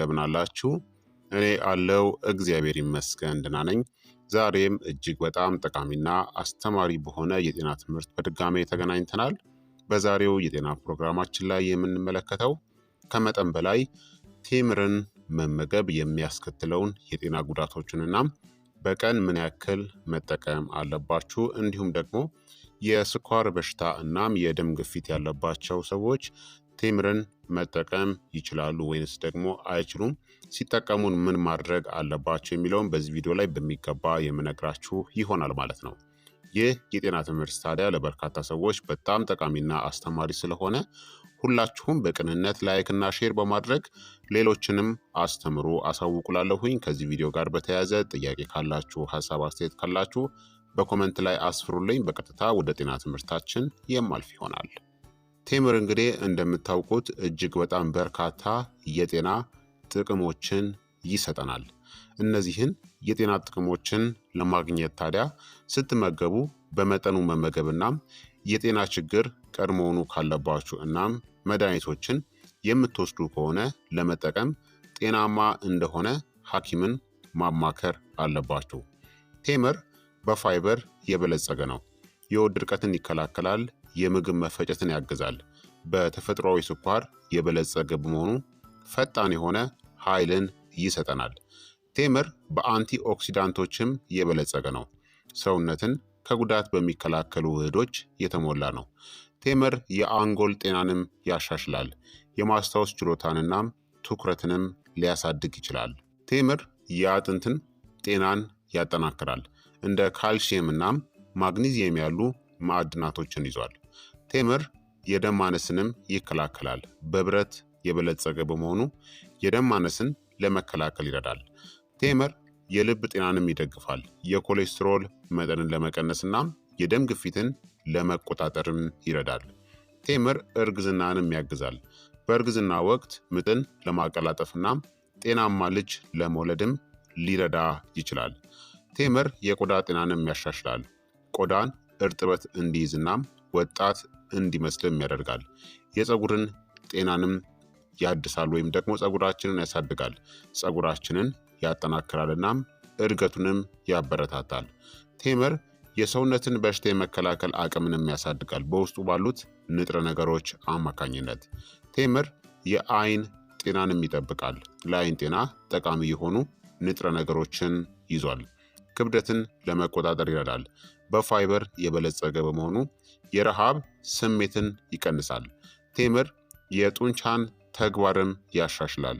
እንደምናላችሁ እኔ አለው እግዚአብሔር ይመስገን ደህና ነኝ። ዛሬም እጅግ በጣም ጠቃሚና አስተማሪ በሆነ የጤና ትምህርት በድጋሜ ተገናኝተናል። በዛሬው የጤና ፕሮግራማችን ላይ የምንመለከተው ከመጠን በላይ ቴምርን መመገብ የሚያስከትለውን የጤና ጉዳቶችንና በቀን ምን ያክል መጠቀም አለባችሁ እንዲሁም ደግሞ የስኳር በሽታ እናም የደም ግፊት ያለባቸው ሰዎች ቴምርን መጠቀም ይችላሉ ወይንስ ደግሞ አይችሉም፣ ሲጠቀሙን ምን ማድረግ አለባቸው የሚለውን በዚህ ቪዲዮ ላይ በሚገባ የምነግራችሁ ይሆናል ማለት ነው። ይህ የጤና ትምህርት ታዲያ ለበርካታ ሰዎች በጣም ጠቃሚና አስተማሪ ስለሆነ ሁላችሁም በቅንነት ላይክ እና ሼር በማድረግ ሌሎችንም አስተምሩ አሳውቁላለሁኝ። ከዚህ ቪዲዮ ጋር በተያያዘ ጥያቄ ካላችሁ፣ ሀሳብ አስተያየት ካላችሁ በኮመንት ላይ አስፍሩልኝ። በቀጥታ ወደ ጤና ትምህርታችን የማልፍ ይሆናል። ቴምር እንግዲህ እንደምታውቁት እጅግ በጣም በርካታ የጤና ጥቅሞችን ይሰጠናል። እነዚህን የጤና ጥቅሞችን ለማግኘት ታዲያ ስትመገቡ በመጠኑ መመገብ የጤና ችግር ቀድሞውኑ ካለባችሁ እናም መድኃኒቶችን የምትወስዱ ከሆነ ለመጠቀም ጤናማ እንደሆነ ሐኪምን ማማከር አለባችሁ። ቴምር በፋይበር የበለጸገ ነው። የሆድ ድርቀትን ይከላከላል፣ የምግብ መፈጨትን ያግዛል። በተፈጥሯዊ ስኳር የበለጸገ በመሆኑ ፈጣን የሆነ ኃይልን ይሰጠናል። ቴምር በአንቲ ኦክሲዳንቶችም የበለጸገ ነው። ሰውነትን ከጉዳት በሚከላከሉ ውህዶች የተሞላ ነው። ቴምር የአንጎል ጤናንም ያሻሽላል። የማስታወስ ችሎታንናም ትኩረትንም ሊያሳድግ ይችላል። ቴምር የአጥንትን ጤናን ያጠናክራል። እንደ ካልሽየምናም ማግኒዚየም ያሉ ማዕድናቶችን ይዟል። ቴምር የደም ማነስንም ይከላከላል። በብረት የበለጸገ በመሆኑ የደም ማነስን ለመከላከል ይረዳል። ቴምር የልብ ጤናንም ይደግፋል። የኮሌስትሮል መጠንን ለመቀነስና የደም ግፊትን ለመቆጣጠርም ይረዳል። ቴምር እርግዝናንም ያግዛል። በእርግዝና ወቅት ምጥን ለማቀላጠፍና ጤናማ ልጅ ለመውለድም ሊረዳ ይችላል። ቴምር የቆዳ ጤናንም ያሻሽላል። ቆዳን እርጥበት እንዲይዝናም ወጣት እንዲመስልም ያደርጋል። የፀጉርን ጤናንም ያድሳል ወይም ደግሞ ፀጉራችንን ያሳድጋል፣ ፀጉራችንን ያጠናክራል እናም እድገቱንም ያበረታታል። ቴምር የሰውነትን በሽታ የመከላከል አቅምንም ያሳድጋል በውስጡ ባሉት ንጥረ ነገሮች አማካኝነት። ቴምር የአይን ጤናንም ይጠብቃል። ለአይን ጤና ጠቃሚ የሆኑ ንጥረ ነገሮችን ይዟል። ክብደትን ለመቆጣጠር ይረዳል። በፋይበር የበለጸገ በመሆኑ የረሃብ ስሜትን ይቀንሳል። ቴምር የጡንቻን ተግባርም ያሻሽላል።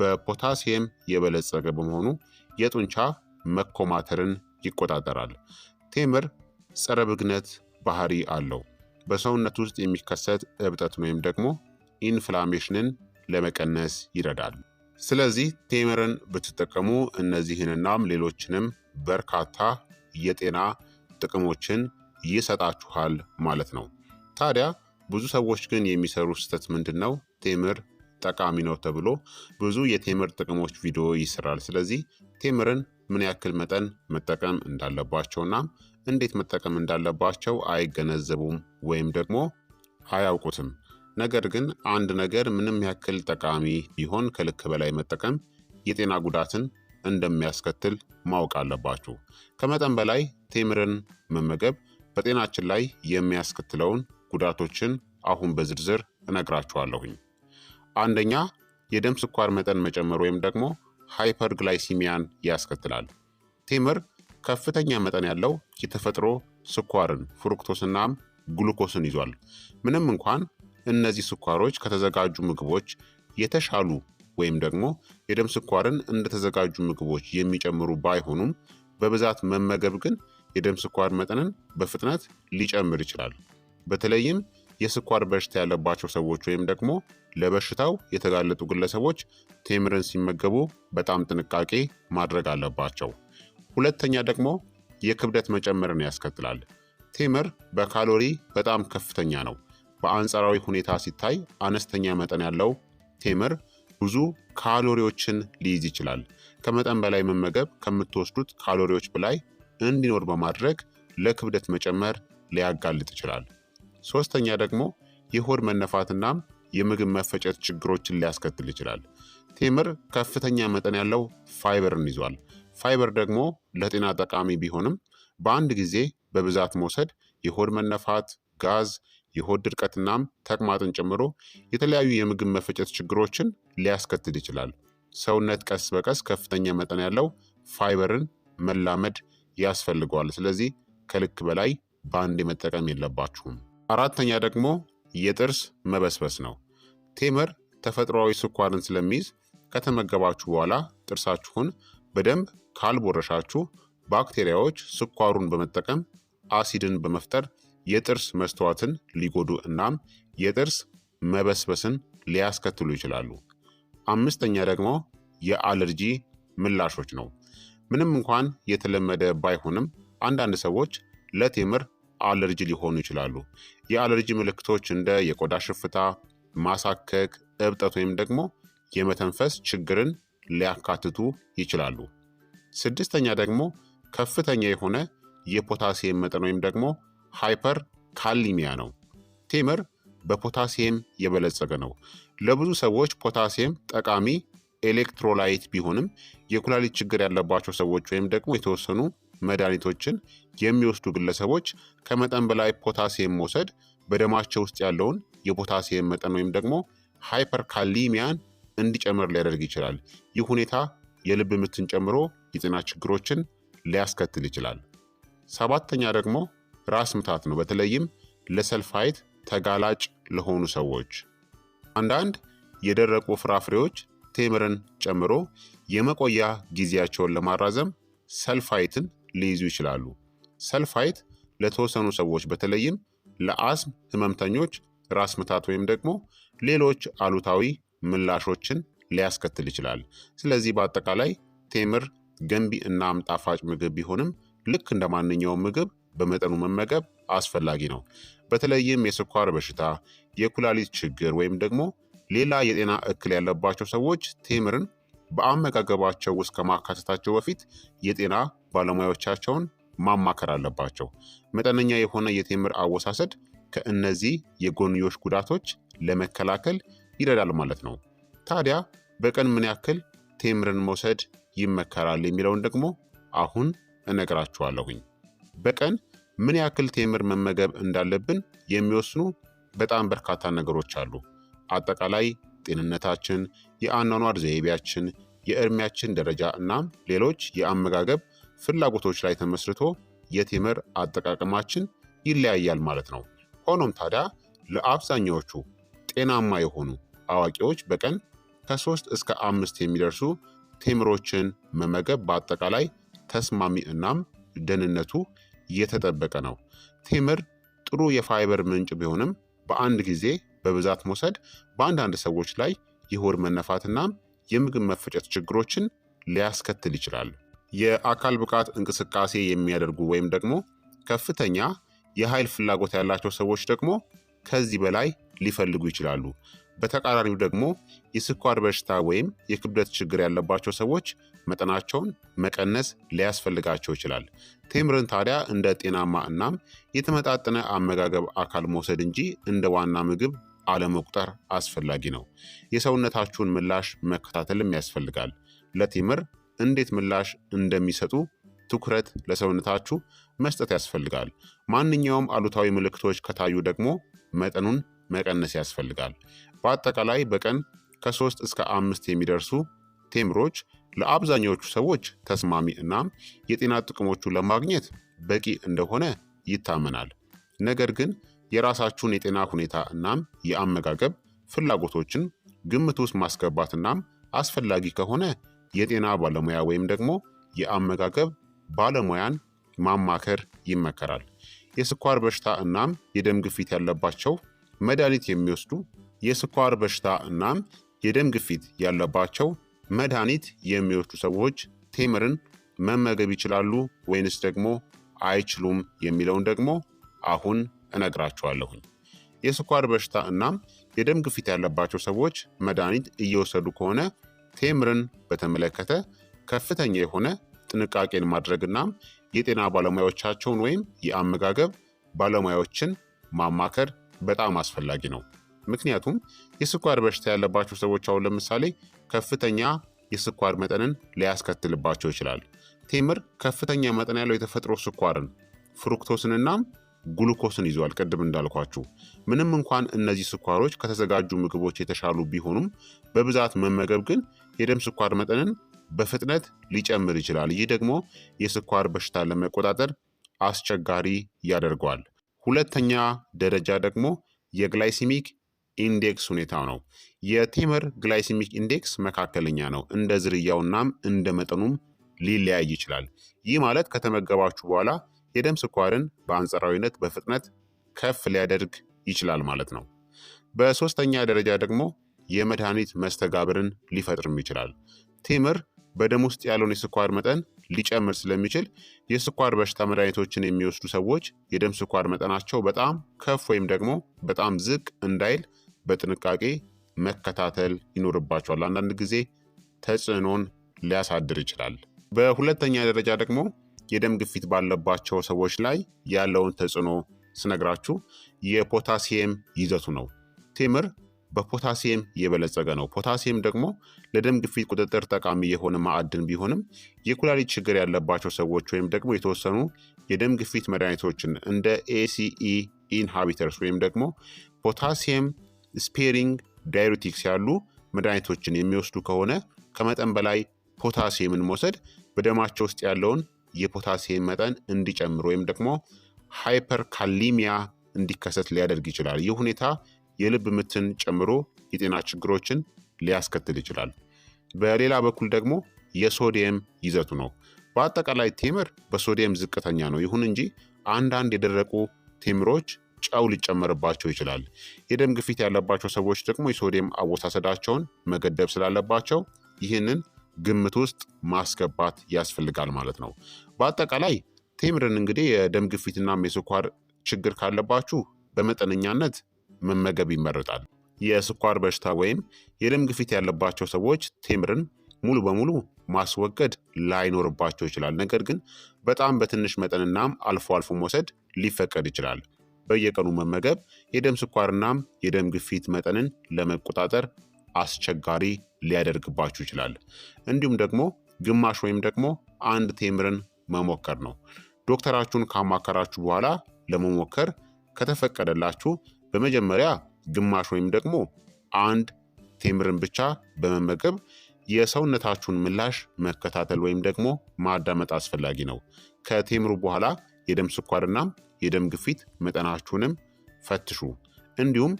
በፖታሲየም የበለጸገ በመሆኑ የጡንቻ መኮማተርን ይቆጣጠራል። ቴምር ጸረ ብግነት ባህሪ አለው። በሰውነት ውስጥ የሚከሰት እብጠት ወይም ደግሞ ኢንፍላሜሽንን ለመቀነስ ይረዳል። ስለዚህ ቴምርን ብትጠቀሙ እነዚህንናም ሌሎችንም በርካታ የጤና ጥቅሞችን ይሰጣችኋል ማለት ነው። ታዲያ ብዙ ሰዎች ግን የሚሰሩ ስህተት ምንድን ነው? ቴምር ጠቃሚ ነው ተብሎ ብዙ የቴምር ጥቅሞች ቪዲዮ ይሰራል። ስለዚህ ቴምርን ምን ያክል መጠን መጠቀም እንዳለባቸውና እንዴት መጠቀም እንዳለባቸው አይገነዘቡም ወይም ደግሞ አያውቁትም። ነገር ግን አንድ ነገር ምንም ያክል ጠቃሚ ቢሆን ከልክ በላይ መጠቀም የጤና ጉዳትን እንደሚያስከትል ማወቅ አለባችሁ። ከመጠን በላይ ቴምርን መመገብ በጤናችን ላይ የሚያስከትለውን ጉዳቶችን አሁን በዝርዝር እነግራችኋለሁኝ። አንደኛ የደም ስኳር መጠን መጨመር ወይም ደግሞ ሃይፐርግላይሲሚያን ያስከትላል። ቴምር ከፍተኛ መጠን ያለው የተፈጥሮ ስኳርን ፍሩክቶስናም ግሉኮስን ይዟል። ምንም እንኳን እነዚህ ስኳሮች ከተዘጋጁ ምግቦች የተሻሉ ወይም ደግሞ የደም ስኳርን እንደተዘጋጁ ምግቦች የሚጨምሩ ባይሆኑም በብዛት መመገብ ግን የደም ስኳር መጠንን በፍጥነት ሊጨምር ይችላል። በተለይም የስኳር በሽታ ያለባቸው ሰዎች ወይም ደግሞ ለበሽታው የተጋለጡ ግለሰቦች ቴምርን ሲመገቡ በጣም ጥንቃቄ ማድረግ አለባቸው። ሁለተኛ ደግሞ የክብደት መጨመርን ያስከትላል። ቴምር በካሎሪ በጣም ከፍተኛ ነው። በአንጻራዊ ሁኔታ ሲታይ አነስተኛ መጠን ያለው ቴምር ብዙ ካሎሪዎችን ሊይዝ ይችላል። ከመጠን በላይ መመገብ ከምትወስዱት ካሎሪዎች በላይ እንዲኖር በማድረግ ለክብደት መጨመር ሊያጋልጥ ይችላል። ሶስተኛ ደግሞ የሆድ መነፋትናም የምግብ መፈጨት ችግሮችን ሊያስከትል ይችላል። ቴምር ከፍተኛ መጠን ያለው ፋይበርን ይዟል። ፋይበር ደግሞ ለጤና ጠቃሚ ቢሆንም በአንድ ጊዜ በብዛት መውሰድ የሆድ መነፋት፣ ጋዝ፣ የሆድ ድርቀትናም ተቅማጥን ጨምሮ የተለያዩ የምግብ መፈጨት ችግሮችን ሊያስከትል ይችላል። ሰውነት ቀስ በቀስ ከፍተኛ መጠን ያለው ፋይበርን መላመድ ያስፈልገዋል። ስለዚህ ከልክ በላይ በአንድ መጠቀም የለባችሁም። አራተኛ ደግሞ የጥርስ መበስበስ ነው። ቴምር ተፈጥሯዊ ስኳርን ስለሚይዝ ከተመገባችሁ በኋላ ጥርሳችሁን በደንብ ካልቦረሻችሁ ባክቴሪያዎች ስኳሩን በመጠቀም አሲድን በመፍጠር የጥርስ መስተዋትን ሊጎዱ እናም የጥርስ መበስበስን ሊያስከትሉ ይችላሉ። አምስተኛ ደግሞ የአለርጂ ምላሾች ነው። ምንም እንኳን የተለመደ ባይሆንም አንዳንድ ሰዎች ለቴምር አለርጂ ሊሆኑ ይችላሉ። የአለርጂ ምልክቶች እንደ የቆዳ ሽፍታ፣ ማሳከክ፣ እብጠት ወይም ደግሞ የመተንፈስ ችግርን ሊያካትቱ ይችላሉ። ስድስተኛ ደግሞ ከፍተኛ የሆነ የፖታሲየም መጠን ወይም ደግሞ ሃይፐር ካሊሚያ ነው። ቴምር በፖታሲየም የበለጸገ ነው። ለብዙ ሰዎች ፖታሲየም ጠቃሚ ኤሌክትሮላይት ቢሆንም የኩላሊት ችግር ያለባቸው ሰዎች ወይም ደግሞ የተወሰኑ መድኃኒቶችን የሚወስዱ ግለሰቦች ከመጠን በላይ ፖታሲየም መውሰድ በደማቸው ውስጥ ያለውን የፖታሲየም መጠን ወይም ደግሞ ሃይፐርካሊሚያን እንዲጨምር ሊያደርግ ይችላል። ይህ ሁኔታ የልብ ምትን ጨምሮ የጤና ችግሮችን ሊያስከትል ይችላል። ሰባተኛ ደግሞ ራስ ምታት ነው። በተለይም ለሰልፋይት ተጋላጭ ለሆኑ ሰዎች። አንዳንድ የደረቁ ፍራፍሬዎች ቴምርን ጨምሮ የመቆያ ጊዜያቸውን ለማራዘም ሰልፋይትን ሊይዙ ይችላሉ። ሰልፋይት ለተወሰኑ ሰዎች በተለይም ለአስም ህመምተኞች ራስ ምታት ወይም ደግሞ ሌሎች አሉታዊ ምላሾችን ሊያስከትል ይችላል። ስለዚህ በአጠቃላይ ቴምር ገንቢ እናም ጣፋጭ ምግብ ቢሆንም ልክ እንደ ማንኛውም ምግብ በመጠኑ መመገብ አስፈላጊ ነው። በተለይም የስኳር በሽታ፣ የኩላሊት ችግር ወይም ደግሞ ሌላ የጤና እክል ያለባቸው ሰዎች ቴምርን በአመጋገባቸው ውስጥ ከማካተታቸው በፊት የጤና ባለሙያዎቻቸውን ማማከር አለባቸው። መጠነኛ የሆነ የቴምር አወሳሰድ ከእነዚህ የጎንዮሽ ጉዳቶች ለመከላከል ይረዳል ማለት ነው። ታዲያ በቀን ምን ያክል ቴምርን መውሰድ ይመከራል የሚለውን ደግሞ አሁን እነግራችኋለሁኝ። በቀን ምን ያክል ቴምር መመገብ እንዳለብን የሚወስኑ በጣም በርካታ ነገሮች አሉ። አጠቃላይ ጤንነታችን፣ የአኗኗር ዘይቤያችን፣ የእድሜያችን ደረጃ እናም ሌሎች የአመጋገብ ፍላጎቶች ላይ ተመስርቶ የቴምር አጠቃቀማችን ይለያያል ማለት ነው። ሆኖም ታዲያ ለአብዛኛዎቹ ጤናማ የሆኑ አዋቂዎች በቀን ከሶስት እስከ አምስት የሚደርሱ ቴምሮችን መመገብ በአጠቃላይ ተስማሚ እናም ደህንነቱ የተጠበቀ ነው። ቴምር ጥሩ የፋይበር ምንጭ ቢሆንም በአንድ ጊዜ በብዛት መውሰድ በአንዳንድ ሰዎች ላይ የሆድ መነፋትና የምግብ መፈጨት ችግሮችን ሊያስከትል ይችላል። የአካል ብቃት እንቅስቃሴ የሚያደርጉ ወይም ደግሞ ከፍተኛ የኃይል ፍላጎት ያላቸው ሰዎች ደግሞ ከዚህ በላይ ሊፈልጉ ይችላሉ። በተቃራኒው ደግሞ የስኳር በሽታ ወይም የክብደት ችግር ያለባቸው ሰዎች መጠናቸውን መቀነስ ሊያስፈልጋቸው ይችላል። ቴምርን ታዲያ እንደ ጤናማ እናም የተመጣጠነ አመጋገብ አካል መውሰድ እንጂ እንደ ዋና ምግብ አለመቁጠር አስፈላጊ ነው። የሰውነታችሁን ምላሽ መከታተልም ያስፈልጋል። ለቴምር እንዴት ምላሽ እንደሚሰጡ ትኩረት ለሰውነታችሁ መስጠት ያስፈልጋል። ማንኛውም አሉታዊ ምልክቶች ከታዩ ደግሞ መጠኑን መቀነስ ያስፈልጋል። በአጠቃላይ በቀን ከሶስት እስከ አምስት የሚደርሱ ቴምሮች ለአብዛኛዎቹ ሰዎች ተስማሚ እናም የጤና ጥቅሞቹ ለማግኘት በቂ እንደሆነ ይታመናል። ነገር ግን የራሳችሁን የጤና ሁኔታ እናም የአመጋገብ ፍላጎቶችን ግምት ውስጥ ማስገባት እናም አስፈላጊ ከሆነ የጤና ባለሙያ ወይም ደግሞ የአመጋገብ ባለሙያን ማማከር ይመከራል። የስኳር በሽታ እናም የደም ግፊት ያለባቸው መድኃኒት የሚወስዱ የስኳር በሽታ እናም የደም ግፊት ያለባቸው መድኃኒት የሚወስዱ ሰዎች ቴምርን መመገብ ይችላሉ ወይንስ ደግሞ አይችሉም የሚለውን ደግሞ አሁን እነግራችኋለሁኝ። የስኳር በሽታ እናም የደም ግፊት ያለባቸው ሰዎች መድኃኒት እየወሰዱ ከሆነ ቴምርን በተመለከተ ከፍተኛ የሆነ ጥንቃቄን ማድረግ የጤና ባለሙያዎቻቸውን ወይም የአመጋገብ ባለሙያዎችን ማማከር በጣም አስፈላጊ ነው። ምክንያቱም የስኳር በሽታ ያለባቸው ሰዎች አሁን ለምሳሌ ከፍተኛ የስኳር መጠንን ሊያስከትልባቸው ይችላል። ቴምር ከፍተኛ መጠን ያለው የተፈጥሮ ስኳርን ፍሩክቶስንናም ጉሉኮስን ይዟል። ቅድም እንዳልኳችሁ ምንም እንኳን እነዚህ ስኳሮች ከተዘጋጁ ምግቦች የተሻሉ ቢሆኑም በብዛት መመገብ ግን የደም ስኳር መጠንን በፍጥነት ሊጨምር ይችላል። ይህ ደግሞ የስኳር በሽታ ለመቆጣጠር አስቸጋሪ ያደርገዋል። ሁለተኛ ደረጃ ደግሞ የግላይሲሚክ ኢንዴክስ ሁኔታው ነው። የቴምር ግላይሲሚክ ኢንዴክስ መካከለኛ ነው። እንደ ዝርያውናም እንደ መጠኑም ሊለያይ ይችላል። ይህ ማለት ከተመገባችሁ በኋላ የደም ስኳርን በአንጻራዊነት በፍጥነት ከፍ ሊያደርግ ይችላል ማለት ነው። በሶስተኛ ደረጃ ደግሞ የመድኃኒት መስተጋብርን ሊፈጥርም ይችላል። ቴምር በደም ውስጥ ያለውን የስኳር መጠን ሊጨምር ስለሚችል የስኳር በሽታ መድኃኒቶችን የሚወስዱ ሰዎች የደም ስኳር መጠናቸው በጣም ከፍ ወይም ደግሞ በጣም ዝቅ እንዳይል በጥንቃቄ መከታተል ይኖርባቸዋል። አንዳንድ ጊዜ ተጽዕኖን ሊያሳድር ይችላል። በሁለተኛ ደረጃ ደግሞ የደም ግፊት ባለባቸው ሰዎች ላይ ያለውን ተጽዕኖ ስነግራችሁ የፖታሲየም ይዘቱ ነው። ቴምር በፖታሲየም የበለጸገ ነው። ፖታሲየም ደግሞ ለደም ግፊት ቁጥጥር ጠቃሚ የሆነ ማዕድን ቢሆንም የኩላሊት ችግር ያለባቸው ሰዎች ወይም ደግሞ የተወሰኑ የደም ግፊት መድኃኒቶችን እንደ ኤሲኢ ኢንሃቢተርስ ወይም ደግሞ ፖታሲየም ስፔሪንግ ዳይሬቲክስ ያሉ መድኃኒቶችን የሚወስዱ ከሆነ ከመጠን በላይ ፖታሲየምን መውሰድ በደማቸው ውስጥ ያለውን የፖታሲየም መጠን እንዲጨምር ወይም ደግሞ ሃይፐርካሊሚያ እንዲከሰት ሊያደርግ ይችላል። ይህ ሁኔታ የልብ ምትን ጨምሮ የጤና ችግሮችን ሊያስከትል ይችላል። በሌላ በኩል ደግሞ የሶዲየም ይዘቱ ነው። በአጠቃላይ ቴምር በሶዲየም ዝቅተኛ ነው። ይሁን እንጂ አንዳንድ የደረቁ ቴምሮች ጨው ሊጨመርባቸው ይችላል። የደም ግፊት ያለባቸው ሰዎች ደግሞ የሶዲየም አወሳሰዳቸውን መገደብ ስላለባቸው ይህንን ግምት ውስጥ ማስገባት ያስፈልጋል ማለት ነው። በአጠቃላይ ቴምርን እንግዲህ የደም ግፊትና የስኳር ችግር ካለባችሁ በመጠነኛነት መመገብ ይመረጣል። የስኳር በሽታ ወይም የደም ግፊት ያለባቸው ሰዎች ቴምርን ሙሉ በሙሉ ማስወገድ ላይኖርባቸው ይችላል። ነገር ግን በጣም በትንሽ መጠንናም አልፎ አልፎ መውሰድ ሊፈቀድ ይችላል። በየቀኑ መመገብ የደም ስኳርናም የደም ግፊት መጠንን ለመቆጣጠር አስቸጋሪ ሊያደርግባችሁ ይችላል። እንዲሁም ደግሞ ግማሽ ወይም ደግሞ አንድ ቴምርን መሞከር ነው። ዶክተራችሁን ካማከራችሁ በኋላ ለመሞከር ከተፈቀደላችሁ በመጀመሪያ ግማሽ ወይም ደግሞ አንድ ቴምርን ብቻ በመመገብ የሰውነታችሁን ምላሽ መከታተል ወይም ደግሞ ማዳመጥ አስፈላጊ ነው። ከቴምሩ በኋላ የደም ስኳርናም የደም ግፊት መጠናችሁንም ፈትሹ። እንዲሁም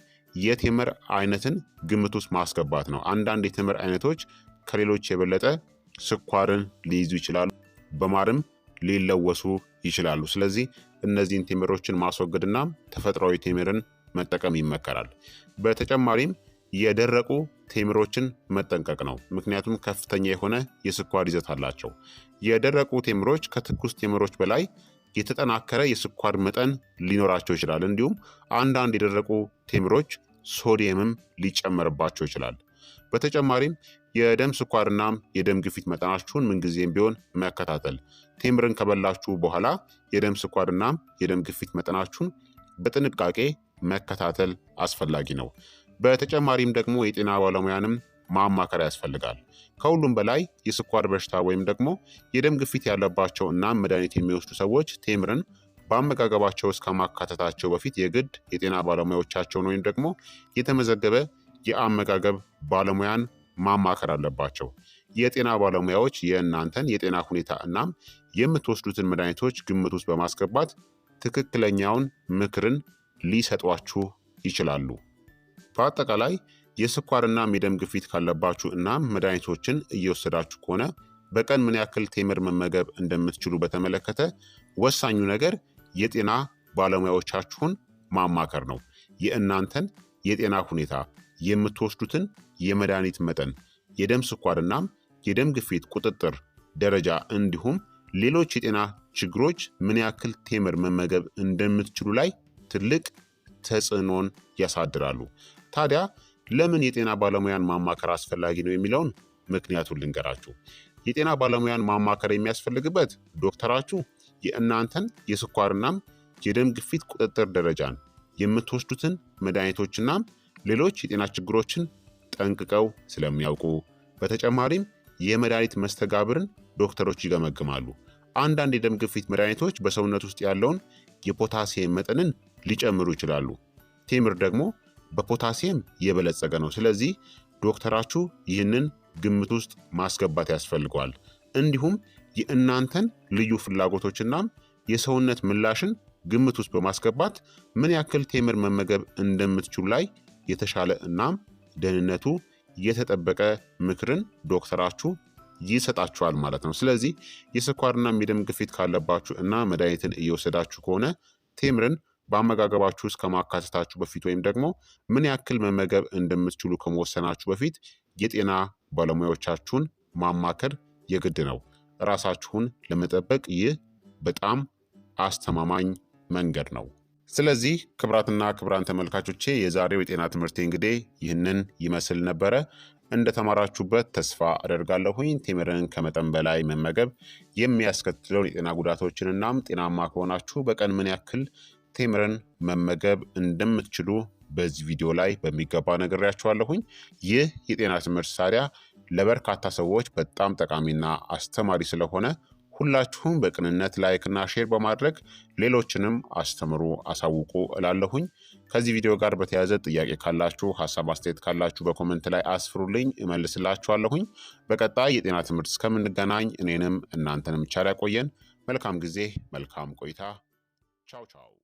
የቴምር አይነትን ግምት ውስጥ ማስገባት ነው። አንዳንድ የቴምር አይነቶች ከሌሎች የበለጠ ስኳርን ሊይዙ ይችላሉ፣ በማርም ሊለወሱ ይችላሉ። ስለዚህ እነዚህን ቴምሮችን ማስወገድና ተፈጥሯዊ ቴምርን መጠቀም ይመከራል። በተጨማሪም የደረቁ ቴምሮችን መጠንቀቅ ነው። ምክንያቱም ከፍተኛ የሆነ የስኳር ይዘት አላቸው። የደረቁ ቴምሮች ከትኩስ ቴምሮች በላይ የተጠናከረ የስኳር መጠን ሊኖራቸው ይችላል። እንዲሁም አንዳንድ የደረቁ ቴምሮች ሶዲየምም ሊጨመርባቸው ይችላል። በተጨማሪም የደም ስኳርና የደም ግፊት መጠናችሁን ምንጊዜም ቢሆን መከታተል። ቴምርን ከበላችሁ በኋላ የደም ስኳርና የደም ግፊት መጠናችሁን በጥንቃቄ መከታተል አስፈላጊ ነው። በተጨማሪም ደግሞ የጤና ባለሙያንም ማማከር ያስፈልጋል። ከሁሉም በላይ የስኳር በሽታ ወይም ደግሞ የደም ግፊት ያለባቸው እና መድኃኒት የሚወስዱ ሰዎች ቴምርን በአመጋገባቸው ውስጥ ከማካተታቸው በፊት የግድ የጤና ባለሙያዎቻቸውን ወይም ደግሞ የተመዘገበ የአመጋገብ ባለሙያን ማማከር አለባቸው። የጤና ባለሙያዎች የእናንተን የጤና ሁኔታ እናም የምትወስዱትን መድኃኒቶች ግምት ውስጥ በማስገባት ትክክለኛውን ምክርን ሊሰጧችሁ ይችላሉ። በአጠቃላይ የስኳርና የደም ግፊት ካለባችሁ እናም መድኃኒቶችን እየወሰዳችሁ ከሆነ በቀን ምን ያክል ቴምር መመገብ እንደምትችሉ በተመለከተ ወሳኙ ነገር የጤና ባለሙያዎቻችሁን ማማከር ነው። የእናንተን የጤና ሁኔታ፣ የምትወስዱትን የመድኃኒት መጠን፣ የደም ስኳርናም የደም ግፊት ቁጥጥር ደረጃ እንዲሁም ሌሎች የጤና ችግሮች ምን ያክል ቴምር መመገብ እንደምትችሉ ላይ ትልቅ ተጽዕኖን ያሳድራሉ። ታዲያ ለምን የጤና ባለሙያን ማማከር አስፈላጊ ነው የሚለውን ምክንያቱን ልንገራችሁ። የጤና ባለሙያን ማማከር የሚያስፈልግበት ዶክተራችሁ የእናንተን የስኳርናም የደም ግፊት ቁጥጥር ደረጃን፣ የምትወስዱትን መድኃኒቶችናም ሌሎች የጤና ችግሮችን ጠንቅቀው ስለሚያውቁ በተጨማሪም የመድኃኒት መስተጋብርን ዶክተሮች ይገመግማሉ። አንዳንድ የደም ግፊት መድኃኒቶች በሰውነት ውስጥ ያለውን የፖታሲየም መጠንን ሊጨምሩ ይችላሉ። ቴምር ደግሞ በፖታሲየም የበለጸገ ነው። ስለዚህ ዶክተራችሁ ይህንን ግምት ውስጥ ማስገባት ያስፈልገዋል። እንዲሁም የእናንተን ልዩ ፍላጎቶችናም የሰውነት ምላሽን ግምት ውስጥ በማስገባት ምን ያክል ቴምር መመገብ እንደምትችሉ ላይ የተሻለ እናም ደህንነቱ የተጠበቀ ምክርን ዶክተራችሁ ይሰጣችኋል ማለት ነው። ስለዚህ የስኳርና የደም ግፊት ካለባችሁ እና መድኃኒትን እየወሰዳችሁ ከሆነ ቴምርን በአመጋገባችሁ ውስጥ ከማካተታችሁ በፊት ወይም ደግሞ ምን ያክል መመገብ እንደምትችሉ ከመወሰናችሁ በፊት የጤና ባለሙያዎቻችሁን ማማከር የግድ ነው። ራሳችሁን ለመጠበቅ ይህ በጣም አስተማማኝ መንገድ ነው። ስለዚህ ክብራትና ክብራን ተመልካቾቼ የዛሬው የጤና ትምህርቴ እንግዲህ ይህንን ይመስል ነበረ። እንደተማራችሁበት ተስፋ አደርጋለሁኝ። ቴምርን ከመጠን በላይ መመገብ የሚያስከትለውን የጤና ጉዳቶችን እናም ጤናማ ከሆናችሁ በቀን ምን ያክል ቴምርን መመገብ እንደምትችሉ በዚህ ቪዲዮ ላይ በሚገባ ነግሬያችኋለሁኝ። ይህ የጤና ትምህርት ሳሪያ ለበርካታ ሰዎች በጣም ጠቃሚና አስተማሪ ስለሆነ ሁላችሁም በቅንነት ላይክና ሼር በማድረግ ሌሎችንም አስተምሩ፣ አሳውቁ እላለሁኝ። ከዚህ ቪዲዮ ጋር በተያያዘ ጥያቄ ካላችሁ፣ ሀሳብ አስተያየት ካላችሁ በኮመንት ላይ አስፍሩልኝ፣ እመልስላችኋለሁኝ። በቀጣይ የጤና ትምህርት እስከምንገናኝ እኔንም እናንተንም ቻር ያቆየን። መልካም ጊዜ፣ መልካም ቆይታ። ቻው ቻው።